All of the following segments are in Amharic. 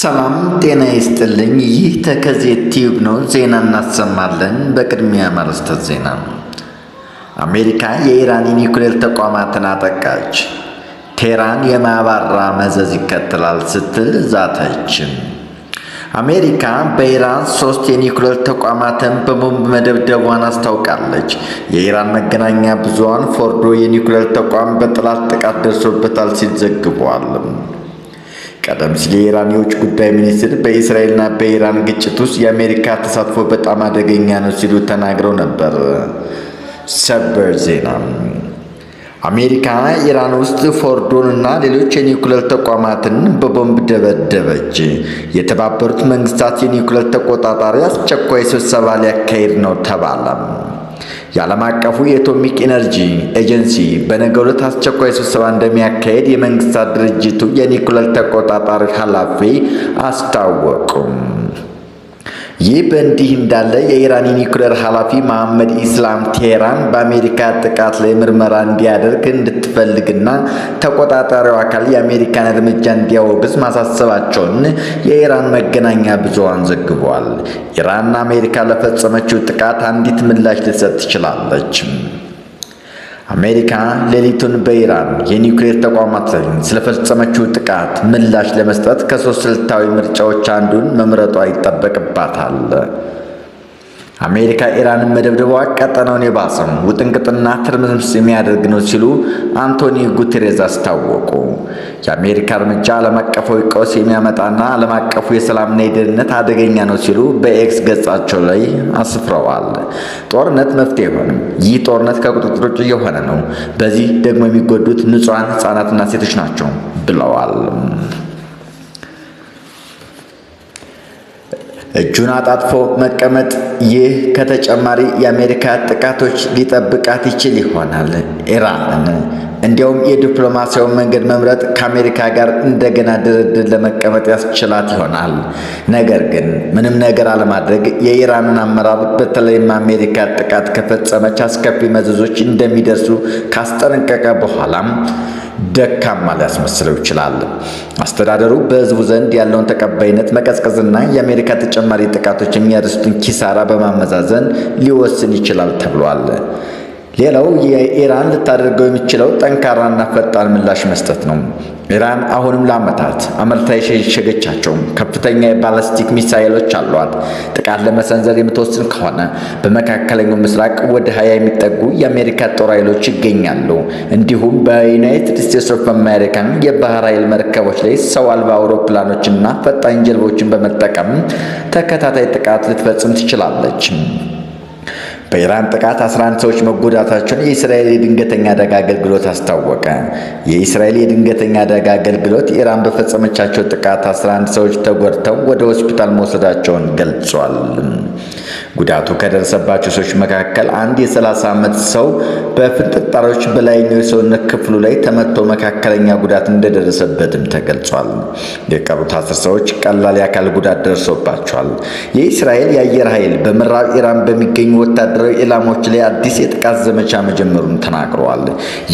ሰላም ጤና ይስጥልኝ። ይህ ተከዜ ቲዩብ ነው። ዜና እናሰማለን። በቅድሚያ ማርስተ ዜና፣ አሜሪካ የኢራን የኒውክሌር ተቋማትን አጠቃች። ቴህራን የማባራ መዘዝ ይከተላል ስትል ዛተችም። አሜሪካ በኢራን ሶስት የኒውክሌር ተቋማትን በቦምብ መደብደቧን አስታውቃለች። የኢራን መገናኛ ብዙሃን ፎርዶ የኒውክሌር ተቋም በጠላት ጥቃት ደርሶበታል ሲል ዘግቧል። ቀደም ሲል የኢራን የውጭ ጉዳይ ሚኒስትር በእስራኤልና በኢራን ግጭት ውስጥ የአሜሪካ ተሳትፎ በጣም አደገኛ ነው ሲሉ ተናግረው ነበር። ሰበር ዜና። አሜሪካ ኢራን ውስጥ ፎርዶን እና ሌሎች የኒውክለር ተቋማትን በቦምብ ደበደበች። የተባበሩት መንግስታት የኒውክለር ተቆጣጣሪ አስቸኳይ ስብሰባ ሊያካሄድ ነው ተባለ። የዓለም አቀፉ የአቶሚክ ኢነርጂ ኤጀንሲ በነገ ዕለት አስቸኳይ ስብሰባ እንደሚያካሄድ የመንግስታት ድርጅቱ የኒኩለር ተቆጣጣሪ ኃላፊ አስታወቁም። ይህ በእንዲህ እንዳለ የኢራን የኒኩሌር ኃላፊ መሐመድ ኢስላም ቴህራን በአሜሪካ ጥቃት ላይ ምርመራ እንዲያደርግ እንድትፈልግና ተቆጣጣሪው አካል የአሜሪካን እርምጃ እንዲያወግዝ ማሳሰባቸውን የኢራን መገናኛ ብዙሃን ዘግቧል። ኢራንና አሜሪካ ለፈጸመችው ጥቃት አንዲት ምላሽ ልትሰጥ ትችላለች። አሜሪካ ሌሊቱን በኢራን የኒውክሌር ተቋማት ላይ ስለፈጸመችው ጥቃት ምላሽ ለመስጠት ከሶስት ስልታዊ ምርጫዎች አንዱን መምረጧ ይጠበቅባታል። አሜሪካ ኢራንን መደብደቧ ቀጠናውን የባሰም ውጥንቅጥና ትርምስ የሚያደርግ ነው ሲሉ አንቶኒ ጉቴሬዝ አስታወቁ። የአሜሪካ እርምጃ ዓለም አቀፋዊ ቀውስ የሚያመጣና ዓለም አቀፉ የሰላምና የደህንነት አደገኛ ነው ሲሉ በኤክስ ገጻቸው ላይ አስፍረዋል። ጦርነት መፍትሄ አይሆንም። ይህ ጦርነት ከቁጥጥር ውጭ እየሆነ ነው። በዚህ ደግሞ የሚጎዱት ንጹሐን ሕጻናትና ሴቶች ናቸው ብለዋል። እጁን አጣጥፎ መቀመጥ። ይህ ከተጨማሪ የአሜሪካ ጥቃቶች ሊጠብቃት ይችል ይሆናል ኢራንን። እንዲያውም የዲፕሎማሲያውን መንገድ መምረጥ ከአሜሪካ ጋር እንደገና ድርድር ለመቀመጥ ያስችላት ይሆናል። ነገር ግን ምንም ነገር አለማድረግ የኢራንን አመራር በተለይም አሜሪካ ጥቃት ከፈጸመች አስከፊ መዘዞች እንደሚደርሱ ካስጠነቀቀ በኋላም ደካማ ሊያስመስለው ይችላል። አስተዳደሩ በህዝቡ ዘንድ ያለውን ተቀባይነት መቀዝቀዝና የአሜሪካ ተጨማሪ ጥቃቶች የሚያደርሱትን ኪሳራ በማመዛዘን ሊወስን ይችላል ተብሏል። ሌላው የኢራን ልታደርገው የሚችለው ጠንካራና ፈጣን ምላሽ መስጠት ነው። ኢራን አሁንም ለአመታት አመርታ የሸሸገቻቸው ከፍተኛ የባላስቲክ ሚሳይሎች አሏት። ጥቃት ለመሰንዘር የምትወስን ከሆነ በመካከለኛው ምስራቅ ወደ ሀያ የሚጠጉ የአሜሪካ ጦር ኃይሎች ይገኛሉ። እንዲሁም በዩናይትድ ስቴትስ ኦፍ አሜሪካን የባህር ኃይል መርከቦች ላይ ሰው አልባ አውሮፕላኖችና ፈጣን ጀልቦችን በመጠቀም ተከታታይ ጥቃት ልትፈጽም ትችላለች። በኢራን ጥቃት 11 ሰዎች መጎዳታቸውን የእስራኤል የድንገተኛ አደጋ አገልግሎት አስታወቀ። የእስራኤል የድንገተኛ አደጋ አገልግሎት ኢራን በፈጸመቻቸው ጥቃት 11 ሰዎች ተጎድተው ወደ ሆስፒታል መውሰዳቸውን ገልጿል። ጉዳቱ ከደረሰባቸው ሰዎች መካከል አንድ የ30 ዓመት ሰው በፍንጥርጣሪዎች በላይኛው የሰውነት ክፍሉ ላይ ተመቶ መካከለኛ ጉዳት እንደደረሰበትም ተገልጿል። የቀሩት አስር ሰዎች ቀላል የአካል ጉዳት ደርሶባቸዋል። የእስራኤል የአየር ኃይል በምዕራብ ኢራን በሚገኙ ወታደራዊ ኢላማዎች ላይ አዲስ የጥቃት ዘመቻ መጀመሩን ተናግረዋል።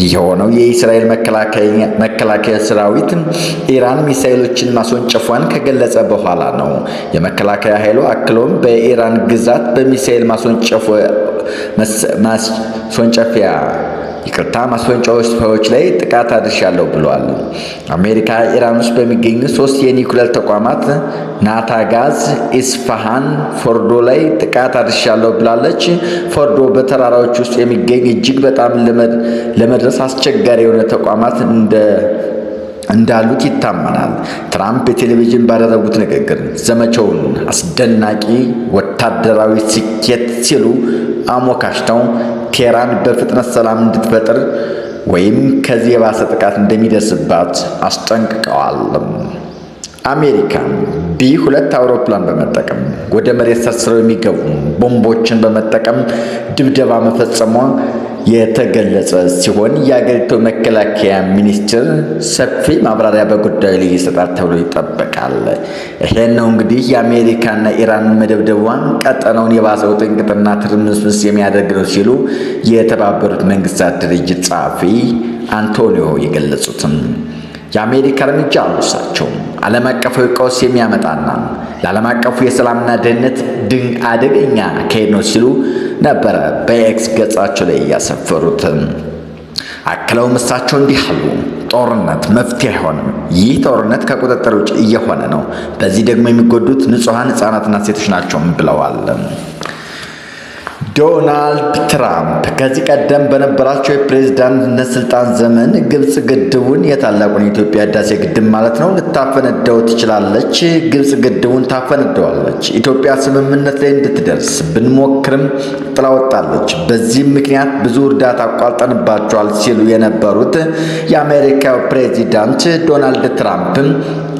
ይህ የሆነው የእስራኤል መከላከያ ሰራዊት ኢራን ሚሳይሎችን ማስወንጨፏን ከገለጸ በኋላ ነው። የመከላከያ ኃይሉ አክሎም በኢራን ግዛ ግዛት በሚሳኤል ማስወንጨፊያ ይቅርታ ማስወንጫዎች ላይ ጥቃት አድርሻለሁ ብለዋል። አሜሪካ ኢራን ውስጥ በሚገኙ ሶስት የኒኩለር ተቋማት ናታጋዝ፣ ኢስፋሃን፣ ፎርዶ ላይ ጥቃት አድርሻለሁ ብላለች። ፎርዶ በተራራዎች ውስጥ የሚገኝ እጅግ በጣም ለመድረስ አስቸጋሪ የሆነ ተቋማት እንደ እንዳሉት ይታመናል። ትራምፕ የቴሌቪዥን ባደረጉት ንግግር ዘመቻውን አስደናቂ ወታደራዊ ስኬት ሲሉ አሞካሽተው ቴህራን በፍጥነት ሰላም እንድትፈጥር ወይም ከዚህ የባሰ ጥቃት እንደሚደርስባት አስጠንቅቀዋል። አሜሪካ ቢ ሁለት አውሮፕላን በመጠቀም ወደ መሬት ሰርስረው የሚገቡ ቦምቦችን በመጠቀም ድብደባ መፈጸሟ የተገለጸ ሲሆን የአገሪቱ መከላከያ ሚኒስትር ሰፊ ማብራሪያ በጉዳዩ ላይ ይሰጣል ተብሎ ይጠበቃል። ይሄን ነው እንግዲህ የአሜሪካና ኢራን መደብደቧ ቀጠናውን የባሰው ጥንቅጥና ትርምስምስ የሚያደርግ ነው ሲሉ የተባበሩት መንግስታት ድርጅት ጸሐፊ አንቶኒዮ የገለጹትም የአሜሪካ እርምጃ አሉሳቸው ዓለም አቀፋዊ ቀውስ የሚያመጣና ለዓለም አቀፉ የሰላምና ደህንነት ድንቅ አደገኛ አካሄድ ነው ሲሉ ነበረ በኤክስ ገጻቸው ላይ እያሰፈሩት አክለውም እሳቸው እንዲህ አሉ። ጦርነት መፍትሄ አይሆንም። ይህ ጦርነት ከቁጥጥር ውጭ እየሆነ ነው። በዚህ ደግሞ የሚጎዱት ንጹሐን ህጻናትና ሴቶች ናቸውም ብለዋል። ዶናልድ ትራምፕ ከዚህ ቀደም በነበራቸው የፕሬዝዳንትነት ስልጣን ዘመን ግብፅ ግድቡን የታላቁን የኢትዮጵያ ህዳሴ ግድብ ማለት ነው ልታፈነደው ትችላለች፣ ግብፅ ግድቡን ታፈነደዋለች፣ ኢትዮጵያ ስምምነት ላይ እንድትደርስ ብንሞክርም ጥላወጣለች፣ በዚህም ምክንያት ብዙ እርዳታ አቋርጠንባቸዋል ሲሉ የነበሩት የአሜሪካ ፕሬዚዳንት ዶናልድ ትራምፕ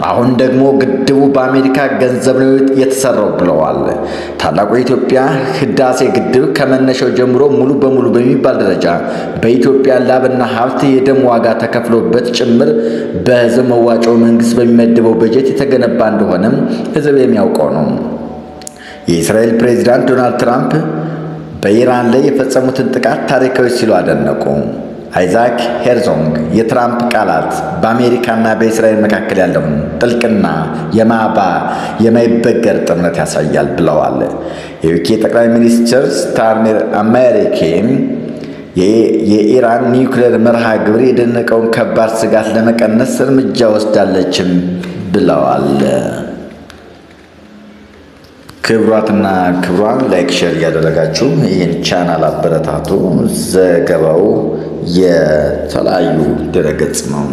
አሁን ደግሞ ግድቡ በአሜሪካ ገንዘብ ነው የተሰራው ብለዋል። ታላቁ የኢትዮጵያ ህዳሴ ግድብ ግድብ ከመነሻው ጀምሮ ሙሉ በሙሉ በሚባል ደረጃ በኢትዮጵያ ላብና ሀብት የደም ዋጋ ተከፍሎበት ጭምር በህዝብ መዋጮው መንግስት በሚመድበው በጀት የተገነባ እንደሆነም ህዝብ የሚያውቀው ነው። የእስራኤል ፕሬዚዳንት ዶናልድ ትራምፕ በኢራን ላይ የፈጸሙትን ጥቃት ታሪካዊ ሲሉ አደነቁ። አይዛክ ሄርዞንግ የትራምፕ ቃላት በአሜሪካና በእስራኤል መካከል ያለውን ጥልቅና የማባ የማይበገር ጥምረት ያሳያል ብለዋል። የዩኬ ጠቅላይ ሚኒስትር ስታርሜር አሜሪኬም የኢራን ኒውክሌር መርሃ ግብር የደነቀውን ከባድ ስጋት ለመቀነስ እርምጃ ወስዳለችም ብለዋል። ክብሯትና ክብሯን ላይክ ሼር እያደረጋችሁ ይህን ቻናል አበረታቱ። ዘገባው የተለያዩ ድረገጽ ነው።